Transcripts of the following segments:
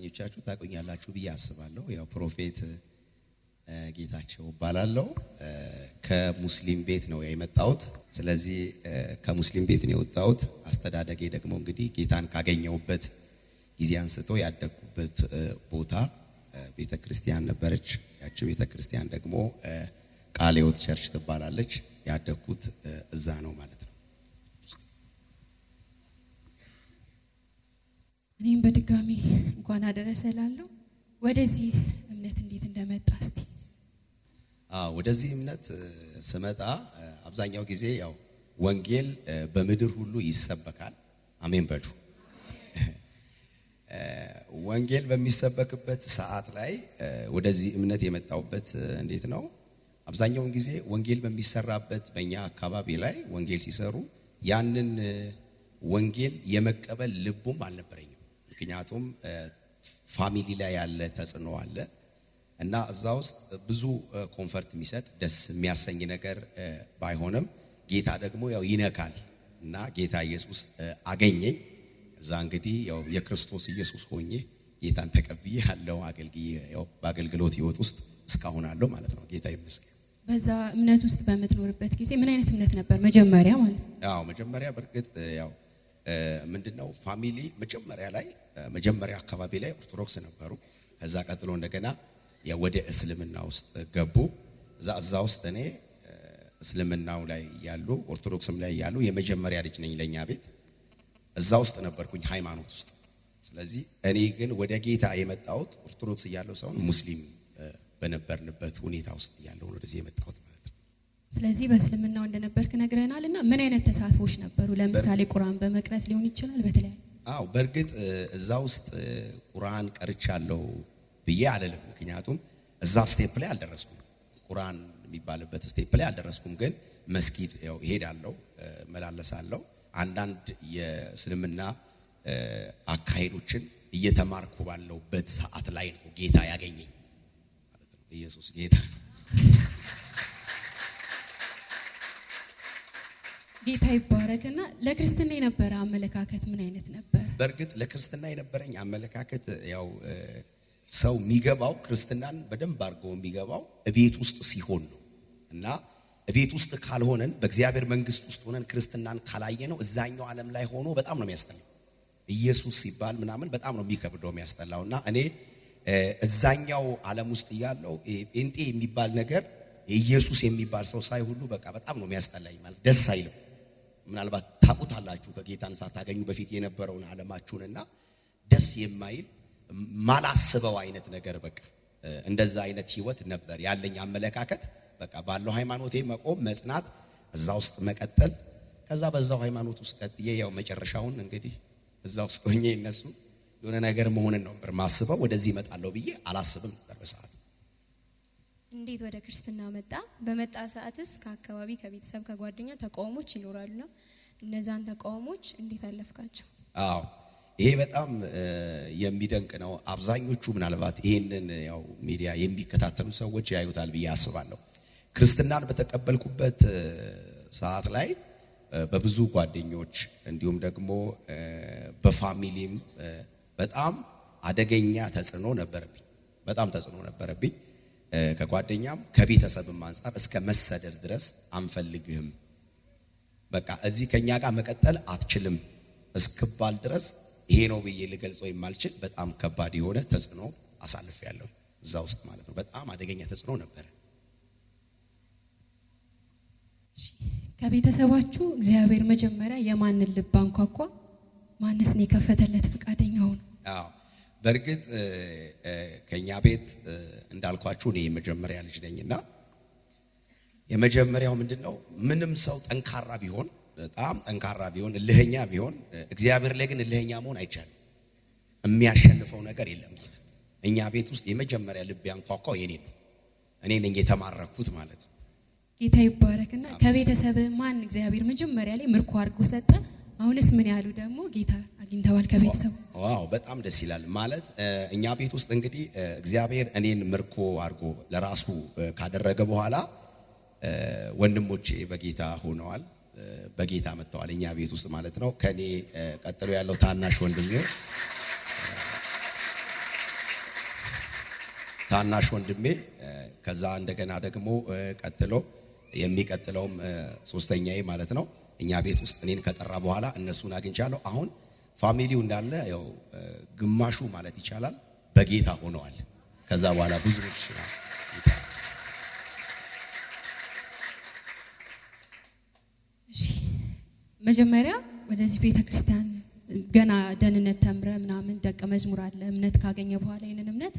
አብዛኞቻችሁ ታቆኛላችሁ ብዬ አስባለሁ። ያው ፕሮፌት ጌታቸው እባላለሁ። ከሙስሊም ቤት ነው የመጣሁት። ስለዚህ ከሙስሊም ቤት ነው የወጣሁት። አስተዳደጌ ደግሞ እንግዲህ ጌታን ካገኘሁበት ጊዜ አንስቶ ያደግኩበት ቦታ ቤተ ክርስቲያን ነበረች። ያቺ ቤተ ክርስቲያን ደግሞ ቃለ ሕይወት ቸርች ትባላለች። ያደግኩት እዛ ነው ማለት ነው። እኔም በድጋሚ እንኳን አደረሰ ላለው ወደዚህ እምነት እንዴት እንደመጣ እስቲ። ወደዚህ እምነት ስመጣ አብዛኛው ጊዜ ያው ወንጌል በምድር ሁሉ ይሰበካል። አሜን በሉ። ወንጌል በሚሰበክበት ሰዓት ላይ ወደዚህ እምነት የመጣውበት እንዴት ነው? አብዛኛውን ጊዜ ወንጌል በሚሰራበት በእኛ አካባቢ ላይ ወንጌል ሲሰሩ ያንን ወንጌል የመቀበል ልቡም አልነበረኝም። ምክንያቱም ፋሚሊ ላይ ያለ ተጽዕኖ አለ እና እዛ ውስጥ ብዙ ኮንፈርት የሚሰጥ ደስ የሚያሰኝ ነገር ባይሆንም ጌታ ደግሞ ያው ይነካል እና ጌታ ኢየሱስ አገኘኝ። እዛ እንግዲህ ያው የክርስቶስ ኢየሱስ ሆኜ ጌታን ተቀብዬ ያለው አገልግዬ ያው በአገልግሎት ህይወት ውስጥ እስካሁን አለው ማለት ነው። ጌታ ይመስገን። በዛ እምነት ውስጥ በምትኖርበት ጊዜ ምን አይነት እምነት ነበር መጀመሪያ ማለት ነው? ያው መጀመሪያ በእርግጥ ያው ምንድነው ፋሚሊ መጀመሪያ ላይ መጀመሪያ አካባቢ ላይ ኦርቶዶክስ ነበሩ። ከዛ ቀጥሎ እንደገና ወደ እስልምና ውስጥ ገቡ። እዛ እዛ ውስጥ እኔ እስልምናው ላይ ያሉ ኦርቶዶክስም ላይ ያሉ የመጀመሪያ ልጅ ነኝ። ለኛ ቤት እዛ ውስጥ ነበርኩኝ ሃይማኖት ውስጥ። ስለዚህ እኔ ግን ወደ ጌታ የመጣሁት ኦርቶዶክስ እያለሁ ሳይሆን ሙስሊም በነበርንበት ሁኔታ ውስጥ እያለሁ ወደዚህ የመጣሁት ስለዚህ በእስልምናው እንደነበርክ ነግረናል እና ምን አይነት ተሳትፎች ነበሩ? ለምሳሌ ቁርአን በመቅረጽ ሊሆን ይችላል። በተለያዩ አዎ፣ በእርግጥ እዛ ውስጥ ቁርአን ቀርቻለሁ ብዬ አልልም። ምክንያቱም እዛ ስቴፕ ላይ አልደረስኩም፣ ቁርአን የሚባልበት ስቴፕ ላይ አልደረስኩም። ግን መስጊድ ያው እሄዳለሁ፣ እመላለሳለሁ። አንዳንድ የእስልምና አካሄዶችን እየተማርኩ ባለሁበት ሰዓት ላይ ነው ጌታ ያገኘኝ ማለት ነው። ኢየሱስ ጌታ ነው። ጌታ ይባረክና ለክርስትና የነበረ አመለካከት ምን አይነት ነበር? በእርግጥ ለክርስትና የነበረኝ አመለካከት ያው ሰው የሚገባው ክርስትናን በደንብ አድርጎ የሚገባው እቤት ውስጥ ሲሆን ነው እና እቤት ውስጥ ካልሆነን በእግዚአብሔር መንግስት ውስጥ ሆነን ክርስትናን ካላየ ነው እዛኛው ዓለም ላይ ሆኖ በጣም ነው የሚያስጠላው። ኢየሱስ ሲባል ምናምን በጣም ነው የሚከብደው የሚያስጠላው እና እኔ እዛኛው ዓለም ውስጥ እያለው ጴንጤ የሚባል ነገር ኢየሱስ የሚባል ሰው ሳይ ሁሉ በቃ በጣም ነው የሚያስጠላኝ ማለት ደስ አይለው። ምናልባት ታቁታላችሁ ከጌታን ሳታገኙ በፊት የነበረውን ዓለማችሁንና ደስ የማይል ማላስበው አይነት ነገር በቃ እንደዛ አይነት ህይወት ነበር ያለኝ አመለካከት። በቃ ባለው ሃይማኖቴ መቆም መጽናት፣ እዛ ውስጥ መቀጠል ከዛ በዛው ሃይማኖት ውስጥ ቀጥዬ ያው መጨረሻውን እንግዲህ እዛ ውስጥ ሆኜ እነሱ የሆነ ነገር መሆንን ነው ብር ማስበው ወደዚህ እመጣለሁ ብዬ አላስብም ነበር በሰዓቱ። እንዴት ወደ ክርስትና መጣ? በመጣ ሰዓትስ ከአካባቢ ከቤተሰብ ከጓደኛ ተቃውሞች ይኖራሉ ነው እነዛን ተቃውሞች እንዴት አለፍካቸው? አዎ ይሄ በጣም የሚደንቅ ነው። አብዛኞቹ ምናልባት ይህንን ያው ሚዲያ የሚከታተሉ ሰዎች ያዩታል ብዬ አስባለሁ። ክርስትናን በተቀበልኩበት ሰዓት ላይ በብዙ ጓደኞች እንዲሁም ደግሞ በፋሚሊም በጣም አደገኛ ተጽዕኖ ነበረብኝ። በጣም ተጽዕኖ ነበረብኝ ከጓደኛም ከቤተሰብም አንጻር እስከ መሰደድ ድረስ አንፈልግህም በቃ እዚህ ከኛ ጋር መቀጠል አትችልም እስክባል ድረስ ይሄ ነው ብዬ ልገልጸው የማልችል በጣም ከባድ የሆነ ተጽዕኖ አሳልፍ ያለው እዛ ውስጥ ማለት ነው። በጣም አደገኛ ተጽዕኖ ነበረ። ከቤተሰባችሁ እግዚአብሔር መጀመሪያ የማንን ልብ አንኳኳ? ማንስ ነው የከፈተለት ፈቃደኛ ሆነ? በእርግጥ ከኛ ቤት እንዳልኳችሁ እኔ የመጀመሪያ ልጅ ነኝና የመጀመሪያው ምንድን ነው? ምንም ሰው ጠንካራ ቢሆን በጣም ጠንካራ ቢሆን እልህኛ ቢሆን እግዚአብሔር ላይ ግን እልህኛ መሆን አይቻልም። የሚያሸንፈው ነገር የለም። ጌታ እኛ ቤት ውስጥ የመጀመሪያ ልብ ያንኳኳው የኔ ነው። እኔ ነኝ የተማረኩት ማለት ነው። ጌታ ይባረክና ከቤተሰብ ማን እግዚአብሔር መጀመሪያ ላይ ምርኮ አድርጎ ሰጠ? አሁንስ ምን ያሉ ደግሞ ጌታ አግኝተዋል ከቤተሰቡ። ዋው በጣም ደስ ይላል። ማለት እኛ ቤት ውስጥ እንግዲህ እግዚአብሔር እኔን ምርኮ አድርጎ ለራሱ ካደረገ በኋላ ወንድሞቼ በጌታ ሆነዋል፣ በጌታ መጥተዋል። እኛ ቤት ውስጥ ማለት ነው። ከኔ ቀጥሎ ያለው ታናሽ ወንድሜ ታናሽ ወንድሜ ከዛ እንደገና ደግሞ ቀጥሎ የሚቀጥለውም ሶስተኛዬ ማለት ነው እኛ ቤት ውስጥ እኔን ከጠራ በኋላ እነሱን አግኝቻለሁ። አሁን ፋሚሊው እንዳለ ያው ግማሹ ማለት ይቻላል በጌታ ሆነዋል። ከዛ በኋላ ብዙ መጀመሪያ ወደዚህ ቤተ ክርስቲያን ገና ደህንነት ተምረ ምናምን ደቀ መዝሙር አለ እምነት ካገኘ በኋላ ይህንን እምነት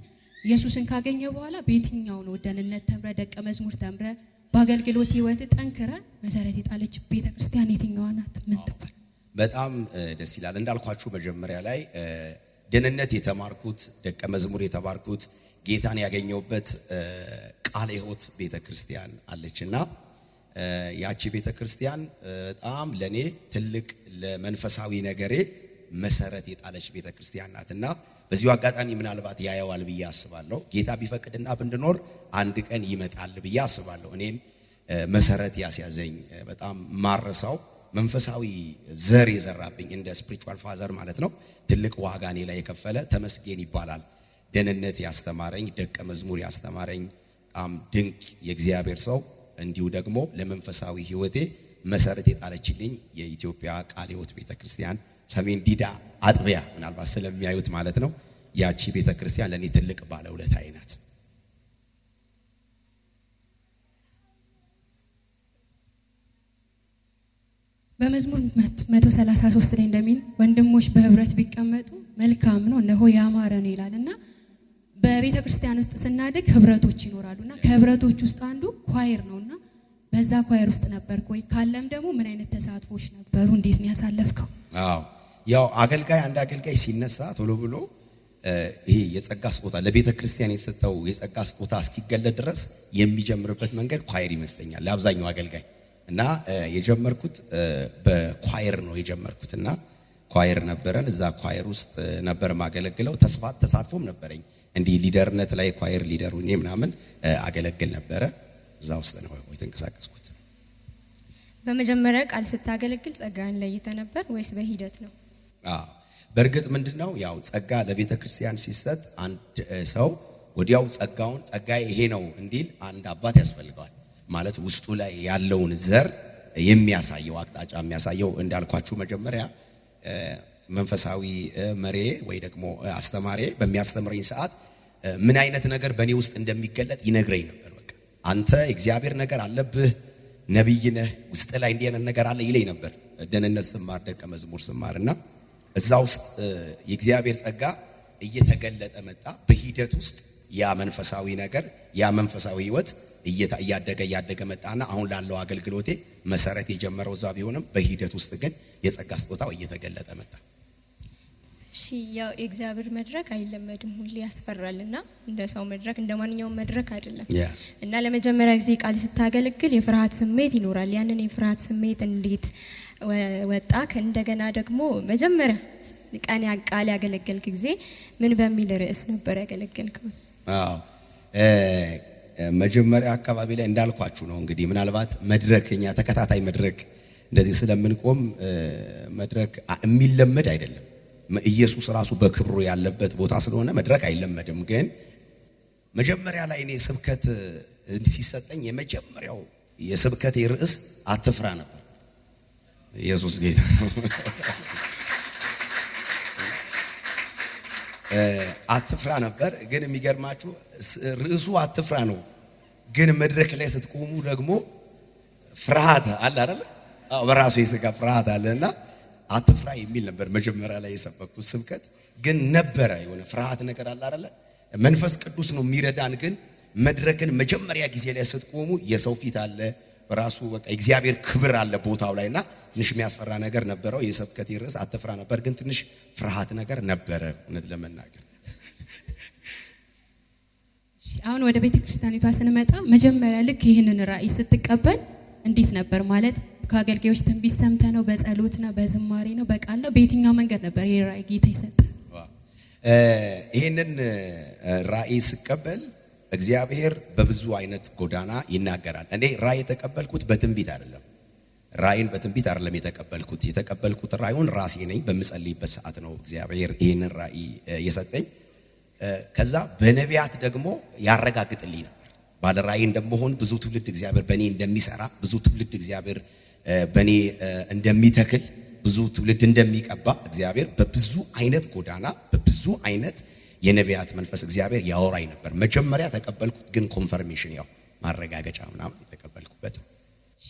ኢየሱስን ካገኘ በኋላ በየትኛው ነው ደህንነት ተምረ ደቀ መዝሙር ተምረ በአገልግሎት ህይወት ጠንክረ መሰረት የጣለች ቤተ ክርስቲያን የትኛዋ ናት? ምን ትባል? በጣም ደስ ይላል። እንዳልኳችሁ መጀመሪያ ላይ ደህንነት የተማርኩት ደቀ መዝሙር የተማርኩት ጌታን ያገኘውበት ቃለ ሕይወት ቤተ ክርስቲያን አለችና ያቺ ቤተ ክርስቲያን በጣም ለኔ ትልቅ ለመንፈሳዊ ነገሬ መሰረት የጣለች ቤተ ክርስቲያን ናትና በዚሁ አጋጣሚ ምናልባት ያየዋል ብዬ አስባለሁ። ጌታ ቢፈቅድና ብንድኖር አንድ ቀን ይመጣል ብዬ አስባለሁ። እኔን መሰረት ያስያዘኝ በጣም ማረሳው መንፈሳዊ ዘር የዘራብኝ እንደ ስፒሪቹዋል ፋዘር ማለት ነው። ትልቅ ዋጋ እኔ ላይ የከፈለ ተመስገን ይባላል። ደህንነት ያስተማረኝ፣ ደቀ መዝሙር ያስተማረኝ በጣም ድንቅ የእግዚአብሔር ሰው እንዲሁ ደግሞ ለመንፈሳዊ ህይወቴ መሰረት የጣለችልኝ የኢትዮጵያ ቃለ ሕይወት ቤተ ሰሜን ዲዳ አጥቢያ ምናልባት ስለሚያዩት ማለት ነው። ያቺ ቤተ ለእኔ ትልቅ ባለውለታዬ አይነት በመዝሙር 133 ላይ እንደሚል ወንድሞች በህብረት ቢቀመጡ መልካም ነው እነሆ ያማረ ነው ይላል እና በቤተ ክርስቲያን ውስጥ ስናድግ ህብረቶች ይኖራሉ እና ከህብረቶች ውስጥ አንዱ ኳይር ነው። በዛ ኳየር ውስጥ ነበርክ ወይ? ካለም ደግሞ ምን አይነት ተሳትፎች ነበሩ? እንዴት ነው ያሳለፍከው? አዎ ያው አገልጋይ አንድ አገልጋይ ሲነሳ ቶሎ ብሎ ይሄ የጸጋ ስጦታ ለቤተ ክርስቲያን የሰጠው የጸጋ ስጦታ እስኪገለጥ ድረስ የሚጀምርበት መንገድ ኳየር ይመስለኛል ለአብዛኛው አገልጋይ እና የጀመርኩት በኳየር ነው የጀመርኩት እና ኳየር ነበረን። እዛ ኳየር ውስጥ ነበር ማገለግለው። ተስፋ ተሳትፎም ነበረኝ እንዲህ ሊደርነት ላይ ኳየር ሊደር ሆኜ ምናምን አገለግል ነበረ። እዛ ውስጥ ነው የተንቀሳቀስኩት። በመጀመሪያ ቃል ስታገለግል ጸጋን ለይተ ነበር ወይስ በሂደት ነው? በእርግጥ ምንድን ነው ያው ጸጋ ለቤተ ክርስቲያን ሲሰጥ አንድ ሰው ወዲያው ጸጋውን ጸጋ ይሄ ነው እንዲል አንድ አባት ያስፈልገዋል። ማለት ውስጡ ላይ ያለውን ዘር የሚያሳየው አቅጣጫ የሚያሳየው እንዳልኳችሁ መጀመሪያ መንፈሳዊ መሬ ወይ ደግሞ አስተማሪ በሚያስተምረኝ ሰዓት ምን አይነት ነገር በእኔ ውስጥ እንደሚገለጥ ይነግረኝ ነበር። አንተ እግዚአብሔር ነገር አለብህ፣ ነቢይ ነህ፣ ውስጥ ላይ እንዲህ ነገር አለ ይለኝ ነበር። ደህንነት ስማር፣ ደቀ መዝሙር ስማር እና እዛ ውስጥ የእግዚአብሔር ጸጋ እየተገለጠ መጣ። በሂደት ውስጥ ያ መንፈሳዊ ነገር ያ መንፈሳዊ ህይወት እያደገ እያደገ መጣና አሁን ላለው አገልግሎቴ መሰረት የጀመረው እዛ ቢሆንም በሂደት ውስጥ ግን የጸጋ ስጦታው እየተገለጠ መጣ። እሺ ያው የእግዚአብሔር መድረክ አይለመድም፣ ሁሌ ያስፈራል እና እንደ ሰው መድረክ እንደ ማንኛውም መድረክ አይደለም እና ለመጀመሪያ ጊዜ ቃል ስታገለግል የፍርሃት ስሜት ይኖራል። ያንን የፍርሃት ስሜት እንዴት ወጣክ? እንደገና ደግሞ መጀመሪያ ቀን ቃል ያገለገልክ ጊዜ ምን በሚል ርዕስ ነበር ያገለገልከውስ? መጀመሪያ አካባቢ ላይ እንዳልኳችሁ ነው እንግዲህ ምናልባት መድረክ እኛ ተከታታይ መድረክ እንደዚህ ስለምንቆም መድረክ የሚለመድ አይደለም ኢየሱስ ራሱ በክብሩ ያለበት ቦታ ስለሆነ መድረክ አይለመድም። ግን መጀመሪያ ላይ እኔ ስብከት ሲሰጠኝ የመጀመሪያው የስብከቴ ርዕስ አትፍራ ነበር። ኢየሱስ ጌታ አትፍራ ነበር። ግን የሚገርማችሁ ርዕሱ አትፍራ ነው። ግን መድረክ ላይ ስትቆሙ ደግሞ ፍርሃት አለ አይደል? በራሱ የስጋ ፍርሃት እና አትፍራ የሚል ነበር መጀመሪያ ላይ የሰበኩት ስብከት። ግን ነበረ የሆነ ፍርሃት ነገር አለ አይደለ? መንፈስ ቅዱስ ነው የሚረዳን። ግን መድረክን መጀመሪያ ጊዜ ላይ ስትቆሙ የሰው ፊት አለ ራሱ በቃ እግዚአብሔር ክብር አለ ቦታው ላይ እና ትንሽ የሚያስፈራ ነገር ነበረው። የሰብከት ርዕስ አትፍራ ነበር፣ ግን ትንሽ ፍርሃት ነገር ነበረ እውነት ለመናገር አሁን ወደ ቤተ ክርስቲያኒቷ ስንመጣ መጀመሪያ ልክ ይህንን ራእይ ስትቀበል እንዴት ነበር ማለት ከአገልጋዮች ትንቢት ሰምተ ነው? በጸሎት ነው? በዝማሬ ነው? በቃል ነው? በየትኛው መንገድ ነበር ይሄ ራእይ ጌታ ይሰጠ? ይህንን ራእይ ስቀበል እግዚአብሔር በብዙ አይነት ጎዳና ይናገራል። እኔ ራእይ የተቀበልኩት በትንቢት አይደለም። ራእይን በትንቢት አይደለም የተቀበልኩት። የተቀበልኩት ራእዩን ራሴ ነኝ በምጸልይበት ሰዓት ነው እግዚአብሔር ይህንን ራእይ የሰጠኝ። ከዛ በነቢያት ደግሞ ያረጋግጥልኝ ነበር ባለ ራእይ እንደመሆን ብዙ ትውልድ እግዚአብሔር በእኔ እንደሚሰራ ብዙ ትውልድ እግዚአብሔር በእኔ እንደሚተክል ብዙ ትውልድ እንደሚቀባ እግዚአብሔር በብዙ አይነት ጎዳና በብዙ አይነት የነቢያት መንፈስ እግዚአብሔር ያወራኝ ነበር። መጀመሪያ ተቀበልኩት፣ ግን ኮንፈርሜሽን ያው ማረጋገጫ ምናምን የተቀበልኩበት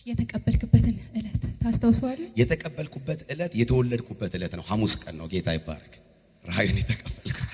የተቀበልክበትን እለት ታስታውሰዋለህ? የተቀበልኩበት እለት የተወለድኩበት እለት ነው። ሐሙስ ቀን ነው። ጌታ ይባረክ። ራእዩን የተቀበልኩ